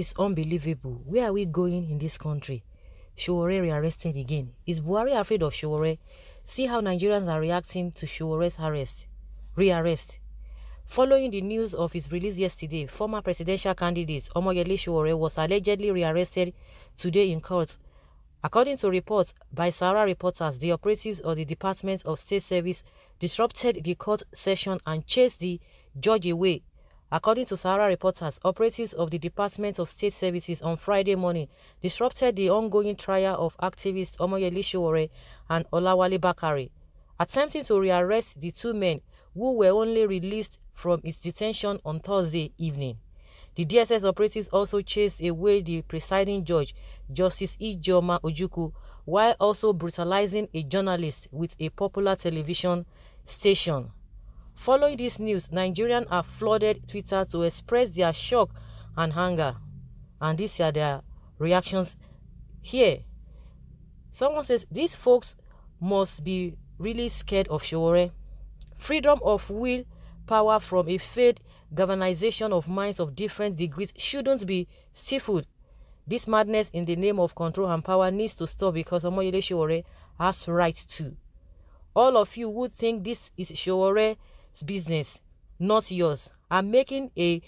is unbelievable. Where are we going in this country? Showore rearrested again. Is Buhari afraid of Showore? See how Nigerians are reacting to Showore's arrest. Rearrest. Following the news of his release yesterday, former presidential candidate Omoyele Showore was allegedly rearrested today in court. According to reports by Sarah reporters, the operatives of the Department of State Service disrupted the court session and chased the judge away According to Sahara reporters, operatives of the Department of State Services on Friday morning disrupted the ongoing trial of activists Omoyele Sowore and Olawale Bakare, attempting to rearrest the two men who were only released from its detention on Thursday evening. The DSS operatives also chased away the presiding judge, Justice Ijoma Ojuku, while also brutalizing a journalist with a popular television station. Following this news, Nigerians have flooded Twitter to express their shock and anger. And these are their reactions here. Someone says, these folks must be really scared of Shore. Freedom of will, power from a failed galvanization of minds of different degrees shouldn't be stifled. This madness in the name of control and power needs to stop because Omoyele Shore has rights to. All of you would think this is Shore business, not yours. I'm making a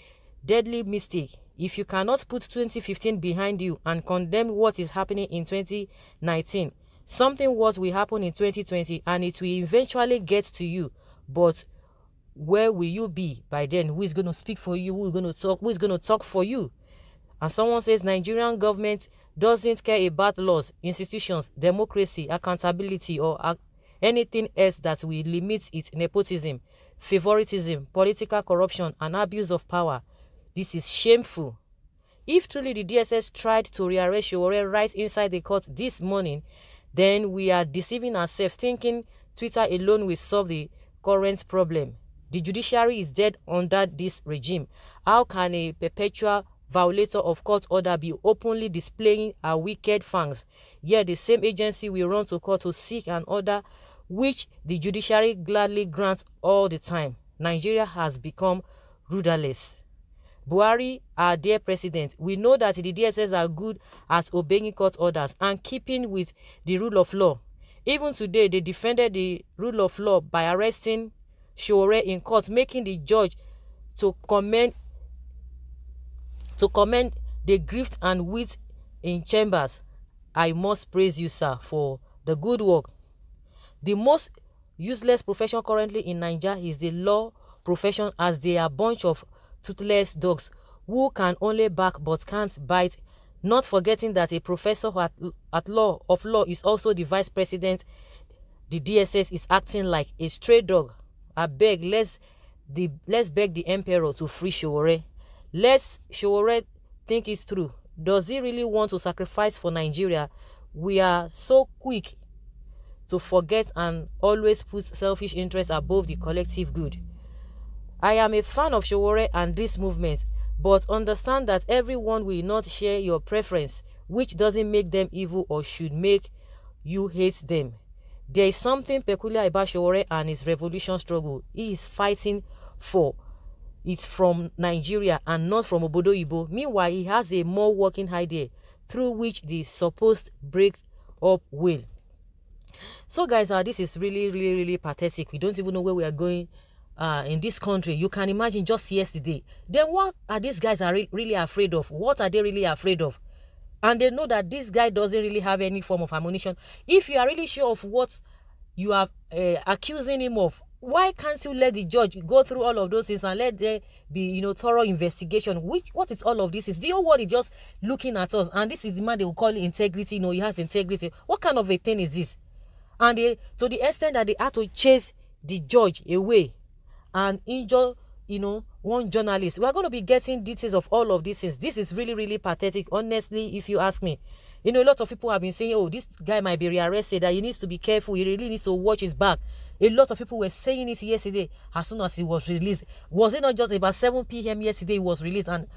deadly mistake. If you cannot put 2015 behind you and condemn what is happening in 2019, something worse will happen in 2020 and it will eventually get to you. But where will you be by then? Who is going to speak for you? Who is going to talk? Who is going to talk for you? And someone says Nigerian government doesn't care about laws, institutions, democracy, accountability, or anything else that will limit its nepotism favoritism, political corruption, and abuse of power. This is shameful. If truly the DSS tried to rearrest Showore right inside the court this morning, then we are deceiving ourselves thinking Twitter alone will solve the current problem. The judiciary is dead under this regime. How can a perpetual violator of court order be openly displaying her wicked fangs? Yet the same agency will run to court to seek an order which the judiciary gladly grants all the time, Nigeria has become rudderless. Buhari, our dear president, we know that the DSS are good at obeying court orders and keeping with the rule of law. Even today, they defended the rule of law by arresting Shore in court, making the judge to commend to commend the grift and wit in chambers. I must praise you, sir, for the good work the most useless profession currently in Nigeria is the law profession as they are a bunch of toothless dogs who can only bark but can't bite, not forgetting that a professor at, at law of law is also the vice president. The DSS is acting like a stray dog. I beg, let's, the, let's beg the emperor to free Showore. Let's think it through. Does he really want to sacrifice for Nigeria? We are so quick to forget and always put selfish interests above the collective good. I am a fan of Showore and this movement, but understand that everyone will not share your preference, which doesn't make them evil or should make you hate them. There is something peculiar about Showore and his revolution struggle. He is fighting for it from Nigeria and not from Obodo Ibo. Meanwhile, he has a more working idea through which the supposed break up will so guys uh, this is really really really pathetic we don't even know where we are going uh, in this country you can imagine just yesterday then what are these guys are re really afraid of what are they really afraid of and they know that this guy doesn't really have any form of ammunition if you are really sure of what you are uh, accusing him of why can't you let the judge go through all of those things and let there be you know thorough investigation which what is all of this is the whole world is just looking at us and this is the man they will call integrity you know he has integrity what kind of a thing is this and they, to the extent that they had to chase the judge away and injure you know one journalist we're going to be getting details of all of these things this is really really pathetic honestly if you ask me you know a lot of people have been saying oh this guy might be rearrested that he needs to be careful he really needs to watch his back a lot of people were saying it yesterday as soon as he was released was it not just about 7 p.m yesterday he was released and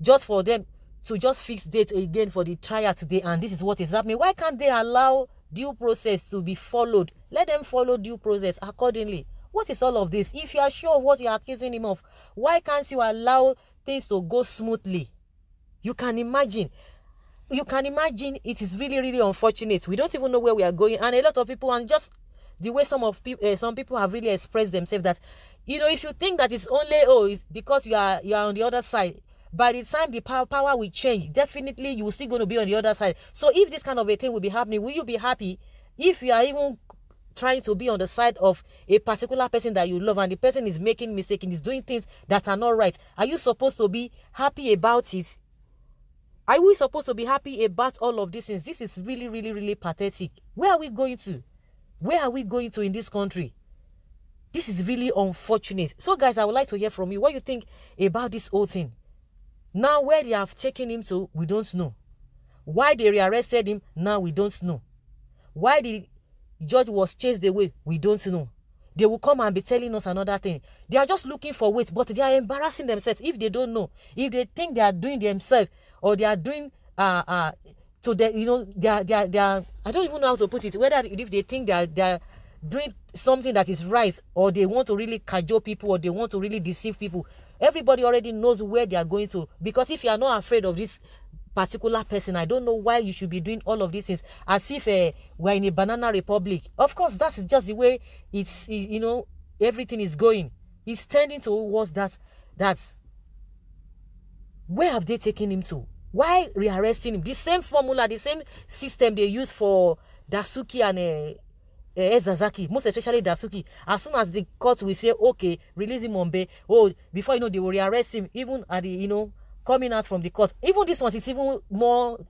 just for them to just fix date again for the trial today and this is what is happening why can't they allow due process to be followed let them follow due process accordingly what is all of this if you are sure of what you are accusing him of why can't you allow things to go smoothly you can imagine you can imagine it is really really unfortunate we don't even know where we are going and a lot of people and just the way some of people uh, some people have really expressed themselves that you know if you think that it's only oh it's because you are you are on the other side by the time the power, power will change, definitely you're still going to be on the other side. So if this kind of a thing will be happening, will you be happy if you are even trying to be on the side of a particular person that you love and the person is making mistakes and is doing things that are not right? Are you supposed to be happy about it? Are we supposed to be happy about all of these things? This is really, really, really pathetic. Where are we going to? Where are we going to in this country? This is really unfortunate. So, guys, I would like to hear from you what you think about this whole thing. Now, where they have taken him to, we don't know. Why they rearrested him, now we don't know. Why the judge was chased away, we don't know. They will come and be telling us another thing. They are just looking for ways, but they are embarrassing themselves if they don't know. If they think they are doing themselves or they are doing uh uh so they you know they are, they are they are I don't even know how to put it whether if they think they are they are doing something that is right or they want to really cajole people or they want to really deceive people everybody already knows where they are going to because if you are not afraid of this particular person i don't know why you should be doing all of these things as if uh, we're in a banana republic of course that is just the way it's you know everything is going it's tending towards that that where have they taken him to why rearresting him the same formula the same system they use for dasuki and uh, Ezazaki, eh, eh, most especially Dasuki, as soon as the court will say, okay, release him on bail, oh, before you know, they will rearrest him, even at the, you know, coming out from the court. Even this one is even more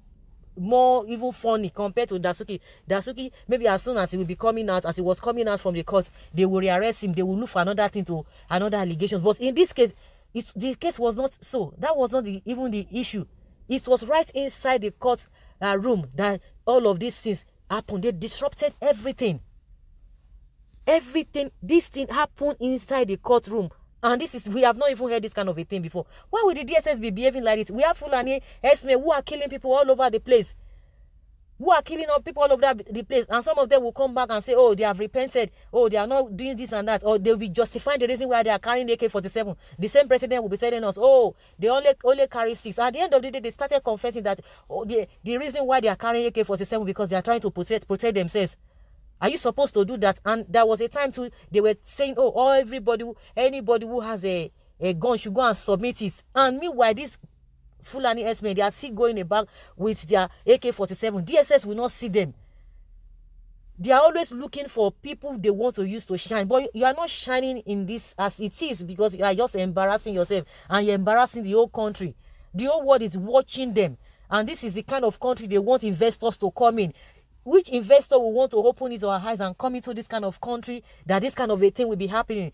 more even funny compared to Dasuki. Dasuki, maybe as soon as he will be coming out, as he was coming out from the court, they will rearrest him. They will look for another thing to another allegations. But in this case, it, the case was not so. That was not the, even the issue. It was right inside the court uh, room that all of these things happened. They disrupted everything. everything this thing happened inside the courtroom and this is we have not even heard this kind of a thing before why would the dss be behaving like this we have fulani herdsmen who are killing people all over the place who are killing up people all over the place and some of them will come back and say oh they have repented oh they are not doing this and that or they will be justifying the reason why they are carrying ak-47 the same president will be telling us oh they only only carry six at the end of the day they started confessing that oh, the, the reason why they are carrying ak-47 because they are trying to protect protect themselves Are you supposed to do that? And there was a time too they were saying, oh, all everybody, anybody who has a, a gun should go and submit it. And meanwhile, this Fulani s they are still going about with their AK-47. DSS will not see them. They are always looking for people they want to use to shine. But you are not shining in this as it is because you are just embarrassing yourself and you're embarrassing the whole country. The whole world is watching them. And this is the kind of country they want investors to come in which investor will want to open his or her eyes and come into this kind of country that this kind of a thing will be happening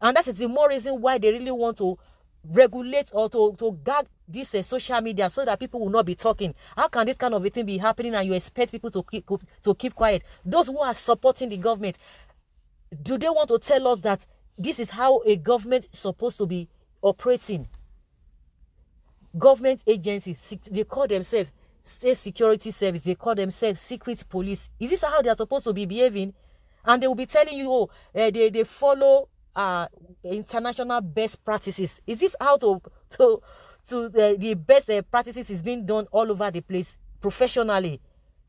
and that is the more reason why they really want to regulate or to to gag this uh, social media so that people will not be talking how can this kind of a thing be happening and you expect people to keep to keep quiet those who are supporting the government do they want to tell us that this is how a government supposed to be operating government agencies they call themselves state security service they call themselves secret police is this how they are supposed to be behaving and they will be telling you oh uh, they, they follow uh, international best practices is this how to to to uh, the best uh, practices is being done all over the place professionally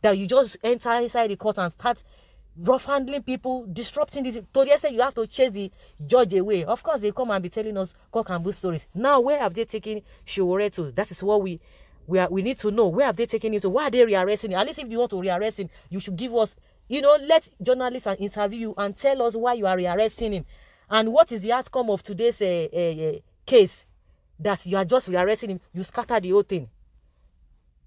that you just enter inside the court and start rough handling people disrupting this to the extent you have to chase the judge away of course they come and be telling us cock and bull stories now where have they taken shiwore to that is what we we are we need to know where have they taken him to why are they rearresting him at least if you want to rearrest him you should give us you know let journalists and interview you and tell us why you are rearresting him and what is the outcome of today's uh, uh, case that you are just rearresting him you scatter the whole thing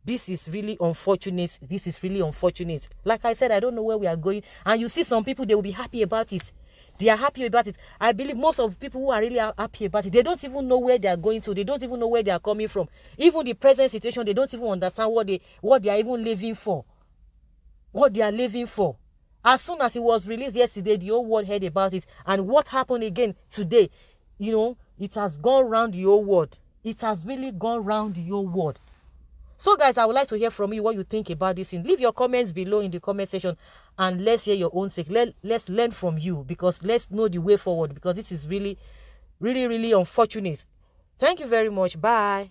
this is really unfortunate this is really unfortunate like i said i don't know where we are going and you see some people they will be happy about it they are happy about it i believe most of people who are really happy about it they don't even know where they are going to they don't even know where they are coming from even the present situation they don't even understand what they what they are even living for what they are living for as soon as it was released yesterday the whole world heard about it and what happened again today you know it has gone round the whole world it has really gone round the whole world So, guys, I would like to hear from you what you think about this. And leave your comments below in the comment section and let's hear your own sake. Let, let's learn from you because let's know the way forward because this is really, really, really unfortunate. Thank you very much. Bye.